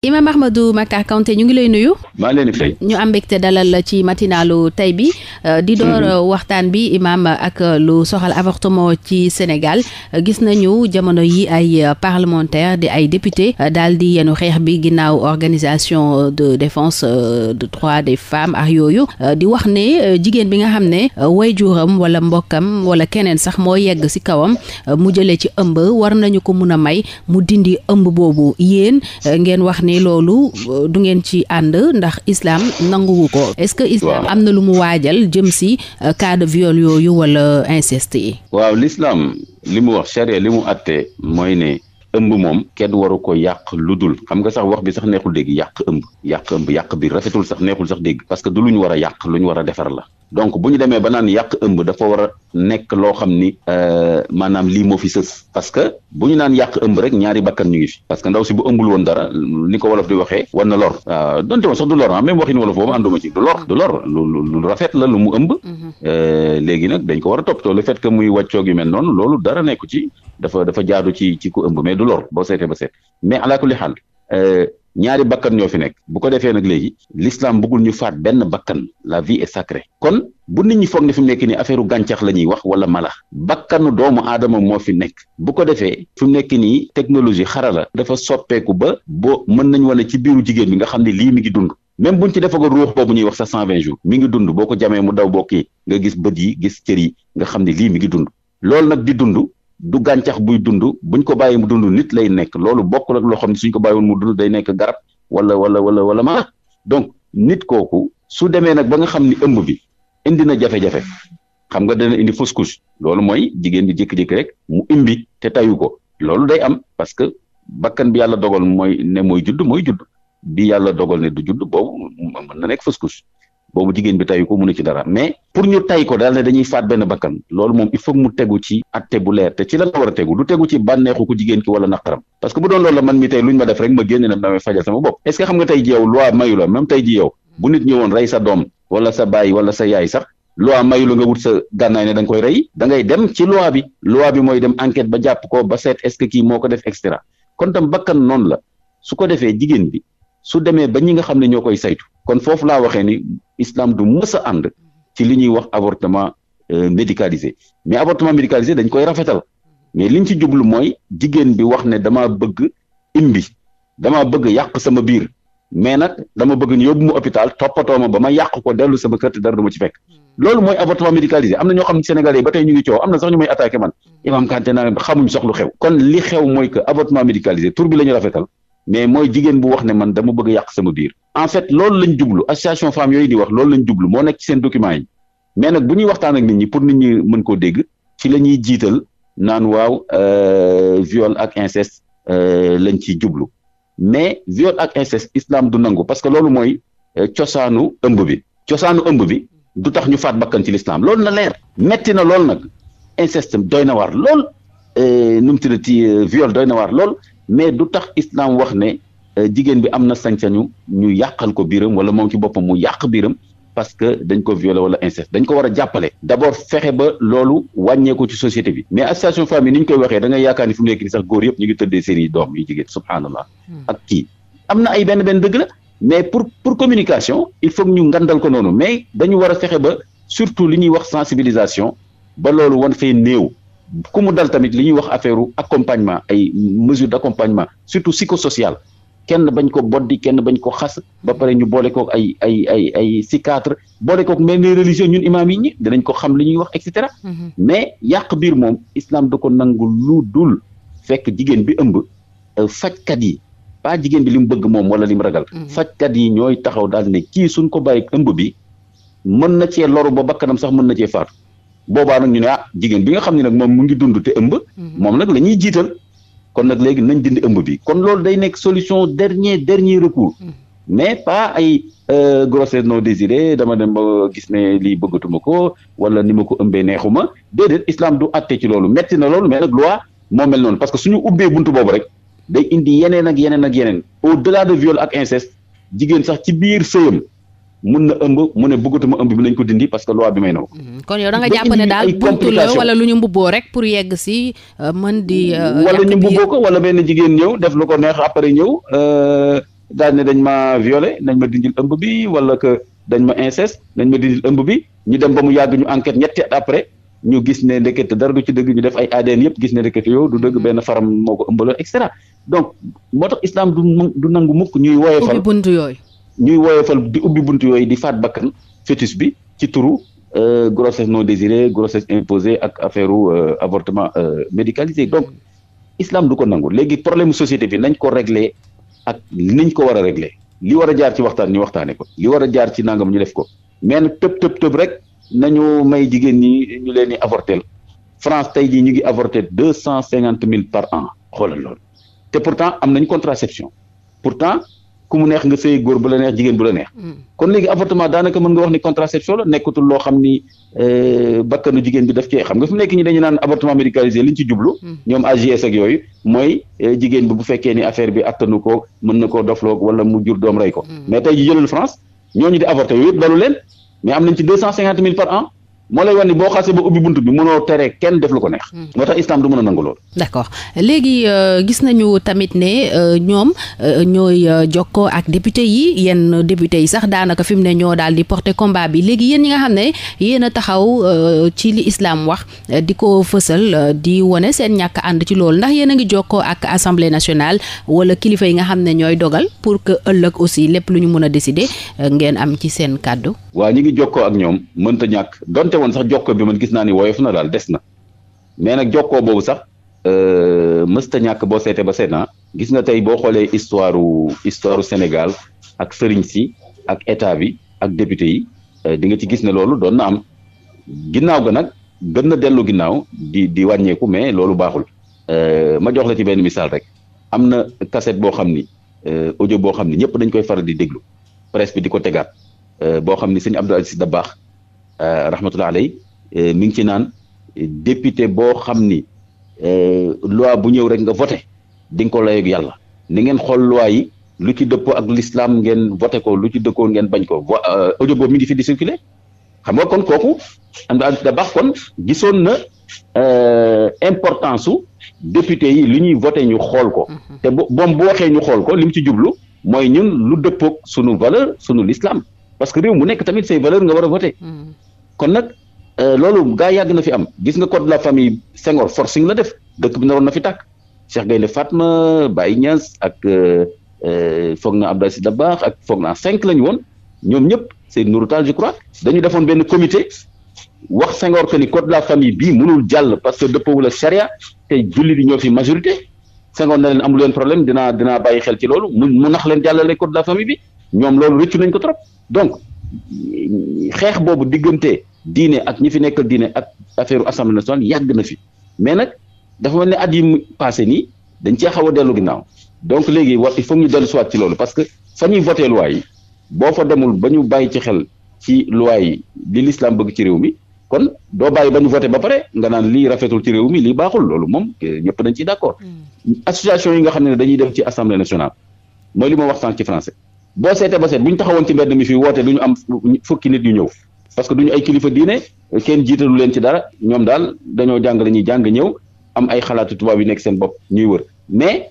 Imam Ahmadou Makhtar Kanté ñu ngi lay nuyu. maa leen di ñu am mbégte dalal ci matinalu tey bi euh, di door mm-hmm. euh, waxtaan bi imam ak euh, lu soxal avortement ci Sénégal gis nañu jamono yi ay parlementaire di ay député daal di yenu xeex bi ginnaaw organisation de défense de droits des femmes ak yooyu di wax ne jigéen bi nga xam ne wayjuuram wala mbokkam wala keneen sax moo yegg ci kawam mu jëlee ci ëmb war nañu ko mun a may mu dindi ëmb boobu yéen ngeen wax ne loolu euh, du ngeen ci ànd ndax islaam nanguwu ko est-ce que islam am na lu mu waajal jëm si euh, cas de viol yooyu wala inceste yi waaw l'islam li mu wax charia li mu àtte mooy ne ëmb moom kenn waru ko yàq lu dul xam nga sax wax bi sax neexul dégg yàq ëmb yàq ëmb yàq bi rafetul sax neexul sax dégg parce que du lu ñu war a yàq lu ñu war a defar la donc bu ñu demee ba naan yàq ëmb dafa war nekk loo xam ni euh, maanaam lii moo fi sës parce que bu ñu naan yàq ëmb rek ñaari bakkan ñu ngi fi parce que ndaw si bu ëmbul woon dara ni ko wolof di waxee war na lor waaw ah, donte ma sax du lor ah même waxin wolof boobu ànduma ci du lor du lor lu lu rafet la lu mu ëmb mhm. euh, léegi nag dañ ko war a toppatoo le fait que muy wàccoog yu mel noonu loolu dara nekku ci dafa dafa jaadu ci ci ku ëmb mais du lor boo seetee ba seet mais alaakulli ñaari bakkan ñoo fi nekk bu ko defee nag léegi l'islam bëggul ñu faat benn bakkan la vie est sacrée kon bu nit ñi foog ne fi mu nekk nii affaire gàncax la ñuy wax wala mala bakkanu doomu aadama moo fi nekk bu ko defee fi mu nekk nii technologie xarala dafa soppeeku ba boo mën nañ wane ci biiru jigéen bi nga xam ne lii mi ngi dund même buñ ci defagul ruux boobu ñuy wax sa cent vingt jours mi ngi dund boo ko jamee mu daw bokki nga gis bët yi gis cër yi nga xam ne lii mi ngi dund loolu nag di dund du gàncax buy dund buñ ko bàyyi mu dund nit lay nekk loolu bokkul ak loo xam ne suñ ko bàyyiwoon mu dund day nekk garab wala wala wala wala ma donc nit kooku su demee nag ba nga xam ni ëmb bi indi na jafe-jafe xam nga dana indi fausse loolu mooy jigéen di jékki-jékki rek mu imbi te tayu ko loolu day am parce que bakkan bi yàlla dogal mooy ne mooy judd mooy judd bi yàlla dogal ne du judd boobu mën na nekk fausse couche boobu jigéen bi tay ko mënu ci dara mais pour ñu tay ko daal ne dañuy faat benn bakkan loolu moom il faut mu tegu ci atte bu leer te ci la war a tegu lu tegu ci bànneexu ko jigéen ki wala naqaram parce que bu doon loolu la man mi tey lu ma def rek ma génn ne damay fajal sama bopp est ce que xam nga tey ji yow loi mayu la même tey ji yow bu nit ñëwoon rey sa doom wala sa baay wala sa yaay sax loi mayu la nga wut sa gànnaay ne da koy rey da ngay dem ci loi bi loi bi mooy dem enquête ba jàpp ko ba seet est ce que kii moo ko def et cetera kon tam bakkan noonu su ko defee jigéen bi su demee ba ñi nga xam ne ñoo koy saytu kon foofu laa waxee ni islam du mës a ànd ci li ñuy wax avortement euh, médicalisé mais avortement médicalisé dañ koy rafetal mais liñ ci jublu mooy jigéen bi wax ne dama bëgg imbi dama bëgg yàq sama biir mais nag dama bëgg ñu yóbbu mu hôpital toppatoo ma ba ma yàq ko dellu sama kër dara du ci fekk loolu mooy avortement médicalisé am na ñoo xam ne ba tey ñu ngi coow am na sax ñu may attaqué man soxlu xew kon li xew mooy que avortement médicalisé tur bi la ñu rafetal mais mooy jigéen bu wax ne man dama bëgg yàq sama biir en fait loolu lañ jublu association femmes yooyu di wax loolu lañ jublu moo nekk ci seen documents yi mais nag bu ñuy waxtaan ak nit ñi pour nit ñi mën koo dégg ci la ñuy jiital naan waaw euh, viol ak inceste euh, lañ ciy jublu mais viol ak inceste islam du nangu parce que loolu mooy euh, cosaanu ëmb bi cosaanu ëmb bi du tax ñu faat bakkan ci l'islam loolu na leer metti na loolu nag inceste doy na waar lool nu mu tuddati viol doy na waar lool mais du tax islam wax ne euh, jigéen bi am na sañ-sañu ñu yàqal ko biiram wala moom ci boppam mu yàq biiram parce que dañ ko violé wala inceste dañ ko war a jàppale d'abord fexe ba loolu wàññeeku ci société bi mais association femme yi ni ñu koy waxee da ngay yaakaar ni fi mu nekk ni sax góor yëpp ñu ngi tëddee seen i doom yu jigéen subhanallah hmm. ak kii am na ay benn benn dëgg la mais pour pour communication il faut ñu ngandal ko noonu mais dañu war a fexe ba surtout li ñuy wax sensibilisation ba loolu wan fee néew ku mu dal tamit li ñuy wax affaire accompagnement ay mesures d'accompagnement surtout psychosocial kenn bañ ko boddi kenn bañ ko xas ba pare ñu boole kook ay ay ay ay psychiatre boole kook mel ni religieux ñun imaam yi ñi dinañ ko xam li ñuy wax et cetera. Mm-hmm. mais yàq biir moom islam da ko nangu lu dul fekk jigéen bi ëmb euh, fajkat yi pas jigéen bi li mu bëgg moom wala li mu ragal. Mm-hmm. fajkat yi ñooy taxaw daal ne kii suñ ko bàyyi ëmb bi mën na cee loru ba bakkanam sax mën na cee faatu. boobaa nag ñu ne ah jigéen bi nga xam ne nag moom mu ngi dund te ëmb mhm. moom nag la ñuy jiital kon nag léegi nañ dindi ëmb bi kon loolu day nekk solution dernier dernier recours mhm. mais pas ay euh, grossesse non désirée dama dem ba gis ne lii bëggatuma ko wala ni ma ko ëmbee neexuma déedéet islam du atte ci loolu metti na loolu mais nag loi moo mel noonu parce que suñu ubbee buntu boobu rek day indi yeneen ak yeneen ak yeneen au delà de viol ak inceste jigéen sax ci biir sëyam mun na ëmb mu ne bëggatuma ëmb bi nañ ko dindi parce que loi bi may na ko. Hmm. kon yow da nga daal buntu la wala lu ñu mbubboo rek pour yegg si euh, mën di. Euh, wala ñu mbubboo ko wala benn jigéen ñëw def lu ko neex après ñëw euh, daal ne dañ ma violé nañ ma dindil ëmb bi wala que dañ ma inceste nañ ma dindil ëmb bi ñu dem ba mu yàgg ñu enquête ñetti at après. ñu gis ne ndekete dara du ci dëgg ñu def ay ADN yëpp gis ne ndekete yow du dëgg hmm. benn faram moo ko ëmbaloon et cetera donc moo tax islam du du nangu mukk ñuy woyofal ubbi buntu yooyu ñuy woyofal di ubbi bunt yooyu di faat bakkan fœtus bi ci turu euh, grossesse non désirée grossesse imposé ak affaire euh, avortement euh, médicalisé donc islam du ko nangu léegi problème société bi nañ ko réglé ak niñ ko war a réglé li war a jaar ci waxtaan ñu waxtaane ko li war a jaar ci nangam ñu def ko mais nag tëb tëb tëb rek nañu may jigéen ñi ñu leen di avortel France tey ji ñu ngi avorté deux cent cinquante mille par an xoolal lool te pourtant am nañ contraception pourtant ku mu neex nga sëy góor bu la neex jigéen bu la neex. Mm. kon léegi avortement daanaka mën nga wax ni contraception loo xam ni euh, bakkanu jigéen bi daf cee xam nga fi mu nekk ñi dañu naan avortement médicalisé liñ ci jublu. Mm. ñoom AGS ak yooyu mooy euh, jigéen bi bu fekkee ni affaire bi attanu ko mën na koo dofloo wala mu jur doom rey ko. Mm. mais tey ji France ñooñu di avorté yooyu yëpp dalu leen mais am nañ ci deux cent cinquante mille par an. moo lay wan ni boo xasee ba ubbi bunt bi mënoo tere kenn def lu ko neex. Hmm. moo tax islam du mën a nangu lool. d'accord léegi euh, gis nañu tamit ne euh, ñoom euh, ñooy jokkoo ak député yi yenn député yi sax daanaka fi mu ne ñoo daal di porter bi léegi yéen ñi nga xam ne yéen a taxaw ci li islaam wax di ko fësal di wone seen ñàkk ànd ci loolu ndax yéen a ngi jokkoo ak assemblée nationale wala kilifa yi nga xam ne ñooy dogal pour que ëllëg aussi lépp lu ñu mën a décider ngeen am ci seen kàddu. waa ñi ngi jokkoo ak ñoom mënta ñàkk donte woon sax jokkoo bi man gis naa ni woyof na daal des na mais nag jokkoo boobu sax euh, mësta ñàkk boo seetee ba seet naa gis nga tey boo xoolee histoire histoire Sénégal ak sëriñ si ak état bi ak député yi euh, di nga ci gis ne loolu doon na am ginnaaw ga nag gën na dellu ginnaaw di di wàññeeku mais loolu baaxul euh, ma jox la ci benn misaal rek am na cassette boo xam ni audio boo xam ni ñëpp dañ koy faral di déglu presse bi di ko tegaat Euh, boo xam ni sëñ Abdou Aziz Dabakh euh, rahmatullah aley euh, mi ngi ci naan député boo xam ni loi bu ñëw rek nga voté di ko layoog yàlla ni ngeen xool loi yi lu ci dëppoo ak l'islam ngeen voté ko lu ci dëppoo ngeen bañ ko audio boobu mi ngi fi di circulé xam nga kon kooku Abdou Aziz Dabakh kon gisoon na importance su député yi li ñuy voté ñu xool ko mm-hmm. te boom bu waxee ñu xool ko li mu ci jublu mooy ñun lu dëppoog sunu valeur sunu l'islam parce que réew mu nekk tamit say valeur nga war a voté hmm. kon nag euh, loolu gaa yàgg na fi am gis nga code de la famille Senghor forcing la def dëkk bi naroon na fi tàkk Cheikh Gaynde Fatma Baye Niass ak euh, euh, foog na Abdou Aziz baax ak foog naa cinq la ñu woon ñoom ñëpp c'est Nourou Tall je crois dañu defoon benn comité wax Senghor que ni code de la famille bii mënul jàll parce que dëppawul ak charia te julli ñoo fi majorité Senghor na leen amul leen problème dinaa dina bàyyi xel ci loolu nax leen jàllale code de bi ñoom loolu rëccu nañ ko trop donc xeex boobu diggante diine ak ñi fi nekkal diine ak affaire assemblée nationale yàgg na fi mais nag dafa mel ne at yi mu passé nii dañ cee xaw a dellu ginnaaw donc léegi war il faut ñu dellu soit ci loolu parce que fa ñuy voté loi yi boo fa demul ba ñu bàyyi ci xel ci luwaay yi li l'islam bëgg ci réew mi kon doo bàyyi ba ñu voté ba pare nga naan lii rafetul ci réew mi lii baaxul loolu moom ñëpp dañ ciy d'accord hmm. association yi nga xam ne dañuy dem ci assemblée nationale mooy li ma wax sànq boo seetee ba seet bu ñu taxawoon ci mbedd mi fii woote du ñu am fukki nit yu ñëw parce que du ñu ay kilifa diine kenn jiitalu leen ci dara ñoom daal dañoo jàng la ñuy jàng ñëw am ay xalaatu tubaab yu nekk seen bopp ñuy wër mais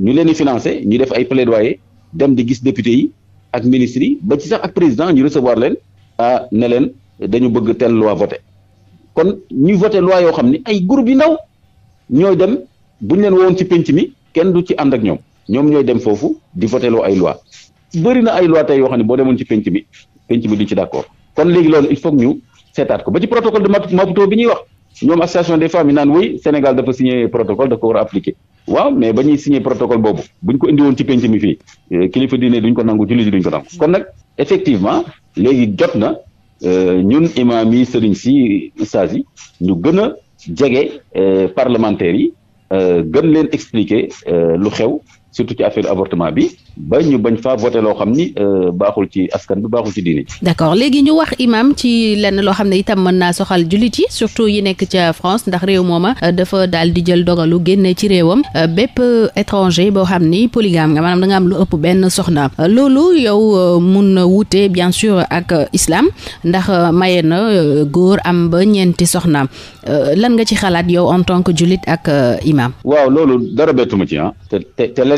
ñu leen di financé ñu def ay plaidoyer dem di gis député yi ak ministre yi ba ci sax ak président ñu recevoir leen ah ne leen dañu bëgg tel loi voté kon ñu voté loi yoo xam ni ay groupe yi ndaw ñooy dem bu ñu leen wowoon ci penc mi kenn du ci ànd ak ñoom ñoom ñooy dem foofu di voté ay loi barina ay loi tey yoo xam ne boo demoon ci penc bi penc bi duñ ci d'accord kon léegi loolu il faut ñu seetaat ko ba ci protocole de Maputo bi ñuy wax ñoom association des femmes naan wéy Sénégal dafa signé protocole da ko war a appliqué waaw mais ba ñuy signé protocole boobu buñ ko indi woon ci penc mi fii eh, kilifa diine duñ ko nangu jullit yi duñ ko nangu kon nag effectivement léegi jot na euh, ñun imaam yi sëriñ si ustaas yi ñu gën a jege euh, parlementaires yi euh, gën leen expliquer lu xew surtout ci affaire avortement bi ba ñu bañ faa voté loo xam ni euh, baaxul ci askan bi baaxul ci diine ji. d'accord léegi ñu wax imam ci lenn loo xam ne itam mën naa soxal jullit yi surtout yi nekk ca France ndax réew mooma euh, dafa daal di jël dogalu génne ci réewam euh, bépp étranger boo xam ni polygame nga maanaam da nga am lu ëpp benn soxna loolu yow mun na wuute bien ak islam ndax maye na góor am ba ñeenti soxna lan nga ci xalaat yow en tant que jullit ak imam. waaw loolu dara bettuma ci ah te te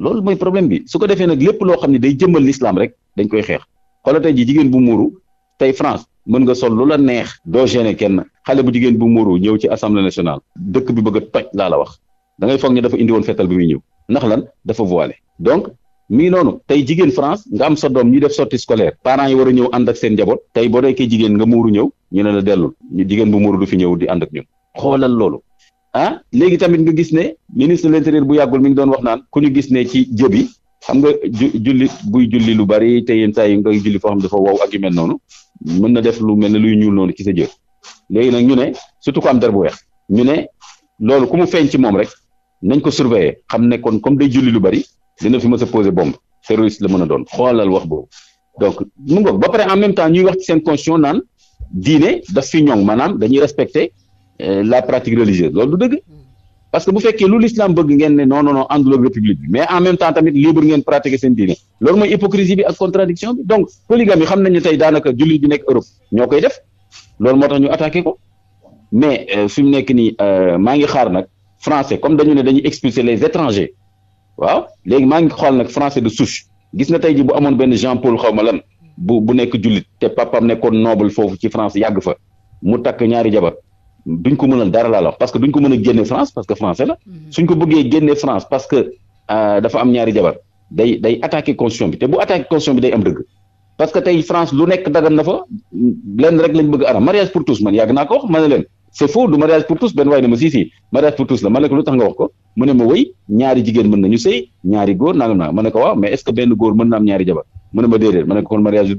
loolu mooy problème bi su ko defee nag lépp loo xam ne day jëmmal l'islam rek dañ koy xeex xoolal tey ji jigéen bu muuru tey France mën nga sol lu la neex doo gêner kenn xale bu jigéen bu muuru ñëw ci assemblée nationale dëkk bi bëgg a toj laa la wax da ngay foog ne dafa indi woon fetal bi muy ñëw ndax lan dafa voilé donc mii noonu tey jigéen France nga am sa doom ñu def sortie scolaire parents yi war a ñëw ànd ak seen njaboot tey boo nekkee jigéen nga muuru ñëw ñu ne la dellul jigéen bu muuru du fi ñëw di ànd ak ñun xoolal loolu ah léegi tamit nga gis ne ministre de l'intérieur bu yàggul mi ngi doon wax naan ku ñu gis ne ci jëbi xam nga julli buy julli lu bari te yenn saa yi nga julli foo xam dafa wow ak yu mel noonu mën na def lu mel ne luy ñuul noonu ci sa jëf léegi nag ñu ne surtout ko am der bu weex ñu ne loolu ku mu feeñ ci moom rek nañ ko surveiller xam ne kon comme day julli lu bari dina fi ma a poser bombe terroriste la mën a doon xoolal wax boobu donc mu ngoog ba pare en même wax ci seen constitution naan diine daf fi ñoŋ maanaam dañuy respecter Euh, la pratique religieuse loolu du dëgg parce que bu fekkee lu l'islam bëgg ngeen ne non non non àndul ak république bi mais en même temps tamit libre ngeen pratiquer seen diine loolu mooy hypocrisie bi ak contradiction bi donc polygamie xam nañu tey daanaka jullit bi nekk Europe ñoo koy def loolu moo tax ñu attaqué ko mais euh, fi mu nekk nii euh, maa ngi xaar nag français comme dañu ne dañuy expulser les étrangers waaw léegi maa ngi xool nag français de souche gis na tey ji bu amoon benn Jean xaw ma lan bu bu nekk jullit te papam nekkoon noble foofu ci France yàgg fa mu takk ñaari jabar duñ ko mënal dara laa la du mariage ko lu tax nga wax ko mu ne ma wëy ñaari jigéen mën nañu sëy na déedéet ma ne ko mariage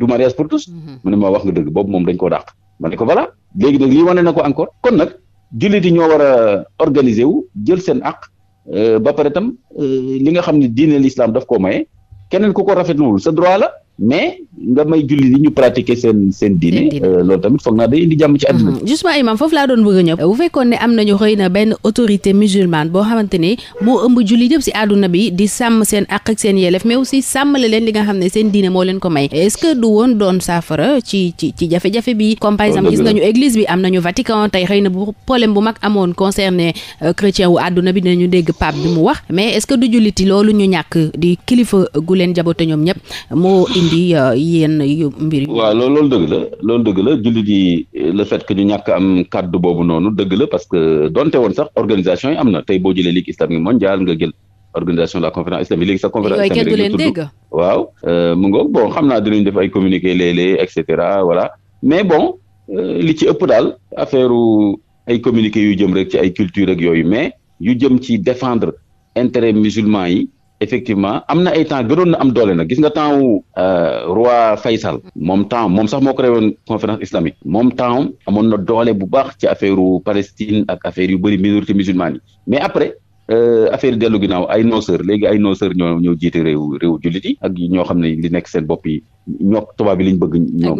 du mariage pour tous mhm. mu ne ma wax nga dëgg boobu moom dañ koo dàq ma ne ko voilà léegi nag lii wane na ko encore kon nag jullit yi ñoo war a organiser wu jël seen àq euh, ba pare tam euh, li nga xam ne diine l'islam daf koo maye keneen ku ko rafet rafetluwul sa droit la mais nga may julli di ñu pratiquer seen seen diine bi euh, mhm. justement imam foofu laa doon bëgg ñëw bu fekkoon ne am nañu xëy na benn autorité musulmane boo xamante ne moo ëmb julli yëpp si àdduna bi di sàmm seen àq ak seen yelef mais aussi sàmmale leen li nga xam ne seen diine moo leen ko may est-ce que du woon doon saafara ci ci ci jafe-jafe bi compagne par exemple gis nañu église bi am nañu Vatican tey xëy na bu problème bu mag amoon concerné euh, chrétien wu àdduna bi dinañu dégg pape mu wax mais est-ce que du julliti loolu ñu ñàkk di kilifa gu leen jabote ñoom ñëpp moo indi euh, yéen yu mbir. waaw loolu loolu dëgg la loolu dëgg la jullit yi le fait que ñu ñàkk am kàddu boobu noonu dëgg la parce que donte woon sax organisation yi am na tey boo jëlee ligue islamique mondial nga jël. organisation de la conférence islamique léegi sax conférence islamique yooyu kenn du leen dégg waaw euh, mu ngoog bon xam naa dinañ def ay communiqué léeg-léeg et cetera voilà mais bon euh, li ci ëpp daal affaire ay communiqué yu jëm rek ci ay culture ak yooyu mais yu jëm ci défendre intérêt musulman yi effectivement am na ay temps gënoon na am doole na gis nga temps wu euh, roi Faysal moom temps moom sax moo créé woon conférence islamique moom temps amoon na doole bu baax ci affaire u Palestine ak affaire yu bëri minorité musulmane mais après Euh, affaire dellu ginnaaw ay nooseur léegi ay nooseur ñoo ñoo jiite réew réew jullit yi ak ñoo xam ne li nekk seen bopp yi ñoo tubaab bi liñ bëgg ñoo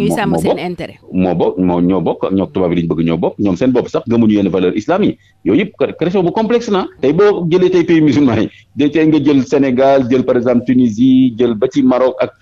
moo bokk moo ñoo bokk ñoo tubaab bi liñ bëgg ñoo bokk ñoom seen bopp sax gëmuñu yenn valeur islam yi yooyu yëpp question bu complexe na tey boo jëlee tey pays musulman yi da tey nga jël Sénégal jël par exemple Tunisie jël ba ci Maroc ak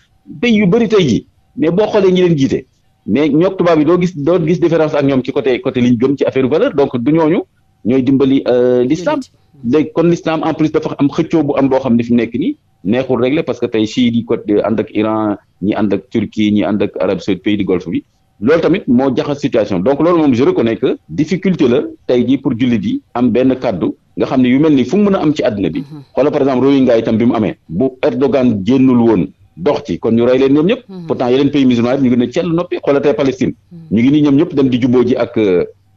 pays yu bëri tey ji mais boo xoolee ñi leen jiite mais ñoo tubaab bi doo gis doo gis différence ak ñoom ci côté côté liñ gëm ci affaire valeur donc du ñooy dimbali euh, l'islam léegi kon l'islam en plus dafa am xëccoo bu am boo xam nekk nii neexul régler parce que tey chiites yi côté ànd ak Iran ñi ànd ak Turquie ñi ànd ak Arabie Saoudite pays du Golfe bi loolu tamit moo jaxas situation donc loolu moom je reconnais que difficulté la tey jii pour jullit yi am benn kàddu nga xam ne yu mel ni fu mu mën a am ci àddina bi mm-hmm. xoolal par exemple Rohingya itam bi mu amee bu Erdogan génnul woon dox ci kon ñu rey leen ñoom ñëpp mm-hmm. pourtant yeneen pays musulman yi ñu ngi ne cell noppi xoolal tey Palestine mm-hmm. ngi nii ñoom ñëpp dem di juboo ji ak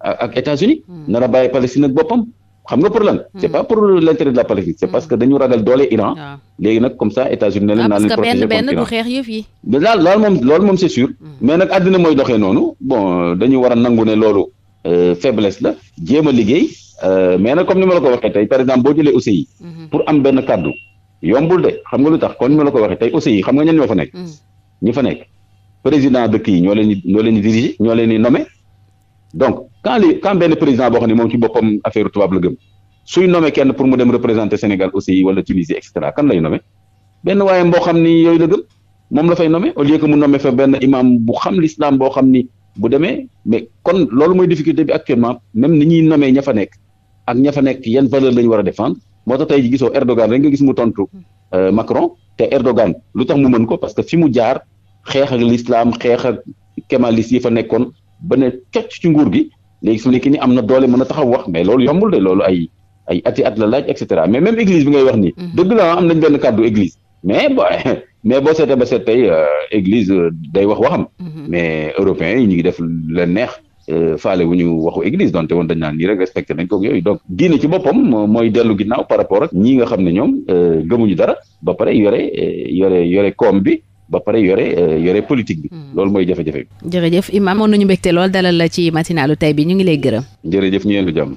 ak États-Unis nar a boppam xam nga pour lan hmm. c' est pas pour l' intérêt de la Palestine c' est parce hmm. que dañu ragal doole Iran ah. léegi nag comme ça États-Unis ne leen ah, naa leen protéger contre Iran hmm. mooy doxee noonu bon dañu war a nangu ne loolu euh, faiblesse la jéem a liggéey euh, mais nag comme ni ma la ko waxee tey par exemple boo jëlee OCI pour am benn kàddu yombul de xam nga lu tax kon ni ma la ko waxee tey OCI xam nga ñen ñoo fa nekk ñi fa nekk président dëkk yi ñoo leen di ñoo leen di diriger ñoo quand li quand benn président boo xam ne moom ci boppam affaire tubaab la gëm suy nommé kenn pour mu dem représenter Sénégal aussi wala Tunisie et cetera kan lay nommé benn waaye boo xam ni yooyu la gëm moom la fay nommé au lieu que mu nommé fa benn imam bu xam l'islam boo xam ni bu demee mais kon loolu mooy difficulté bi actuellement même ni ñuy nommé ña fa nekk ak ña fa nekk yan valeur la ñu war a défendre moo tax tey ji gisoo Erdogan rek nga gis mu tontu euh, Macron te Erdogan lu tax mu mën ko parce que fi mu jaar xeex ak l'islam xeex ak kémalis yi fa nekkoon ba ne cocc ci nguur gi léegi fi mu nekk nii am na doole mën a taxaw wax mais loolu yombul de loolu ay ay ati at la laaj et cetera mais même église bi ngay wax nii. Mhm. dëgg la am nañ benn kàddu église mais bo mais boo seetee ba seet tey euh, église euh, day wax waxam. Mhm. mais européens yi ñu ngi def la neex. Euh, faale wu ñu waxu église donte woon dañ naan nii rek respecté nañ ko yooyu donc diine ci boppam mooy dellu ginnaaw par rapport ak ñii nga xam ne ñoom gëmuñu dara ba pare yore yore yore koom bi ba pare yore euh, yore politique bi. Hmm. loolu mooy jafe-jafe bi. jërëjëf Imaam amoon nañu mbégte lool dalal la ci matinalu tey bi ñu ngi lay gërëm. jërëjëf ñu yendu jàmm.